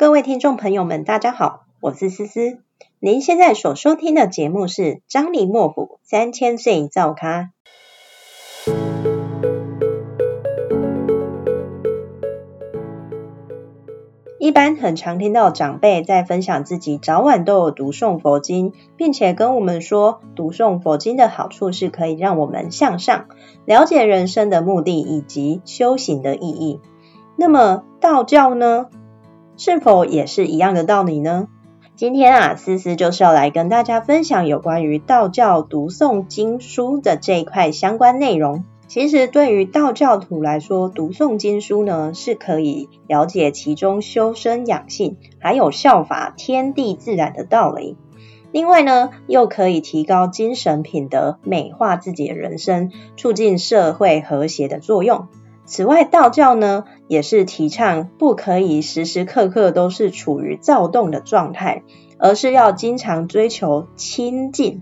各位聽眾朋友們，大家好，我是思思。您現在所收聽的節目是張里莫府三千歲造咖。一般很常聽到長輩在分享自己早晚都有讀誦佛經，並且跟我們說，讀誦佛經的好處是可以讓我們向上，了解人生的目的以及修行的意義。那麼道教呢？是否也是一樣的道理呢？今天啊，絲絲就是要來跟大家分享有關於道教讀誦經書的這一塊相關內容。其實對於道教徒來說，讀誦經書呢，是可以了解其中修身養性，還有效法天地自然的道理。另外呢，又可以提高精神品德，美化自己的人生，促進社會和諧的作用。此外，道教呢也是提倡不可以時時刻刻都是處於躁動的狀態，而是要經常追求清淨，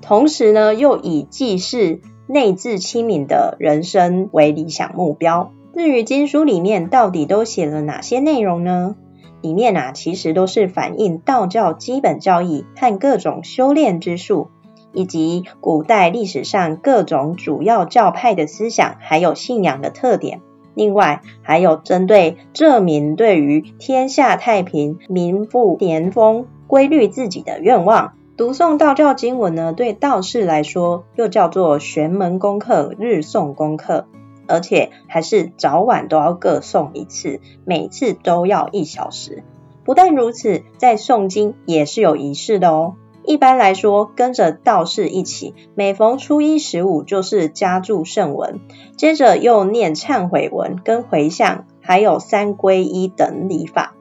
同時呢又以濟世內治親民的人生為理想目標。至於經書裡面到底都寫了哪些內容呢？裡面啊其實都是反映道教基本教義和各種修煉之術。以及古代歷史上各種主要教派的思想，還有信仰的特點。另外，還有針對庶民對於天下太平、民富年豐、規律自己的願望。讀誦道教經文呢，對道士來說又叫做玄門功課、日誦功課，而且還是早晚都要各誦一次，每次都要一小時。不但如此，在誦經也是有儀式的哦。一般來說，跟着道士一起，每逢初一、十五，就是加祝聖文，接着又念懺悔文、跟迴向，還有三皈依等禮法。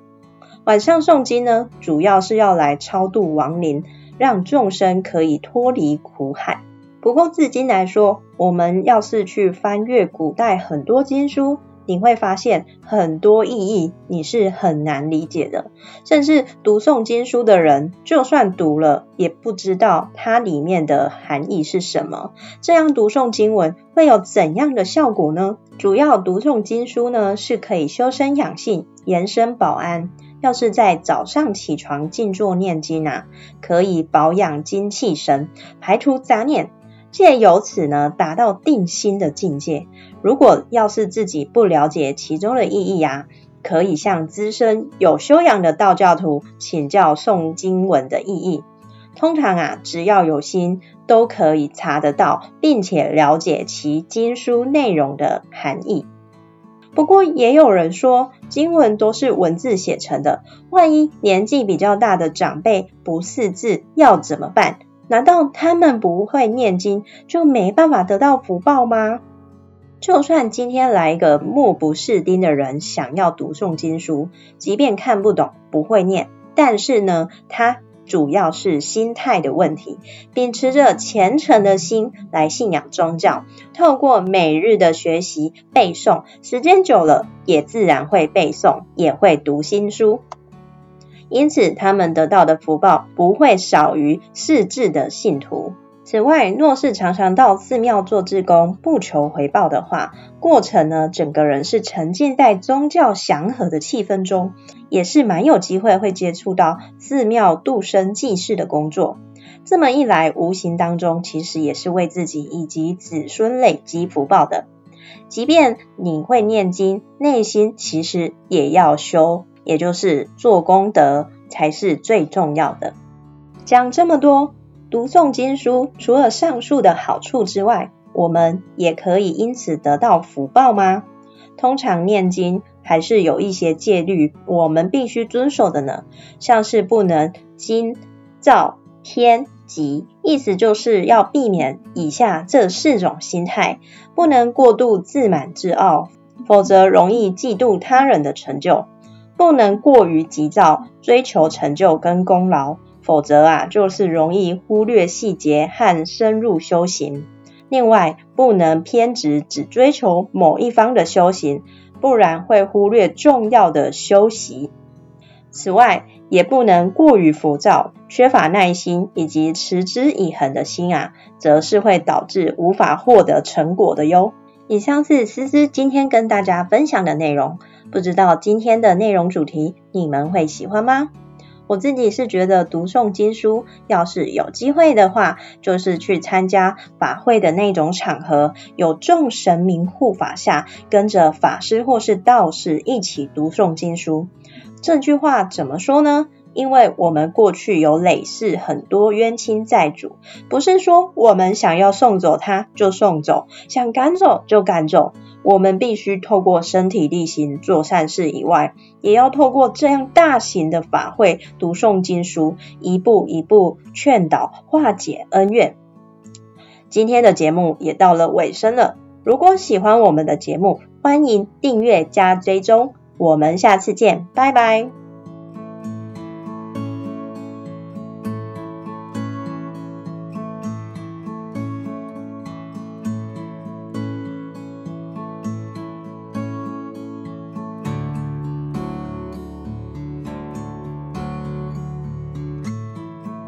晚上誦經呢，主要是要來超度亡靈，讓眾生可以脫離苦海。不過，至今來說，我們要是去翻閱古代很多經書。你會發現很多意義你是很難理解的，甚至讀誦經書的人，就算讀了也不知道它裡面的含義是什麼。這樣讀誦經文會有怎樣的效果呢？主要讀誦經書呢，是可以修身養性、延生保安。要是在早上起床靜坐念經啊，可以保養精氣神，排除雜念。借由此呢，達到定心的境界。如果要是自己不了解其中的意義啊，可以向資深有修養的道教徒請教誦經文的意義。通常啊，只要有心，都可以查得到，並且了解其經書內容的含義。不過也有人說，經文都是文字寫成的，萬一年紀比較大的長輩不識字，要怎麼辦？難道他們不會念經，就沒辦法得到福報嗎？就算今天來一個目不識丁的人，想要讀誦經書，即便看不懂，不會念，但是呢，他主要是心態的問題，秉持着虔誠的心來信仰宗教，透過每日的學習背誦，時間久了也自然會背誦，也會讀新書。因此，他們得到的福報不會少於識字的信徒。此外，若是常常到寺廟做志工，不求回報的話，過程呢，整個人是沉浸在宗教祥和的氣氛中，也是蠻有機會會接觸到寺廟度生濟世的工作。這麼一來，無形當中其實也是為自己以及子孫累積福報的。即便你會念經，內心其實也要修。也就是做功德才是最重要的。講這麼多，讀誦經書除了上述的好處之外，我們也可以因此得到福報嗎？通常念經還是有一些戒律我們必須遵守的呢，像是不能驚、躁、偏、急，意思就是要避免以下這四種心態：不能過度自滿自傲，否則容易嫉妒他人的成就。不能過於急躁，追求成就跟功勞，否則啊，就是容易忽略細節和深入修行。另外，不能偏執，只追求某一方的修行，不然會忽略重要的修習。此外，也不能過於浮躁，缺乏耐心以及持之以恆的心啊，則是會導致無法獲得成果的喲。以上是思思今天跟大家分享的內容，不知道今天的內容主題你們會喜歡嗎？我自己是覺得讀誦經書，要是有機會的話，就是去參加法會的那種場合，有眾神明護法下，跟着法師或是道士一起讀誦經書。這句話怎麼說呢？因為我們過去有累世很多冤親債主，不是說我們想要送走他就送走，想趕走就趕走，我們必須透過身體力行做善事以外，也要透過這樣大型的法會讀誦經書，一步一步勸導化解恩怨。今天的節目也到了尾聲了，如果喜歡我們的節目，歡迎訂閱加追蹤，我們下次見，拜拜。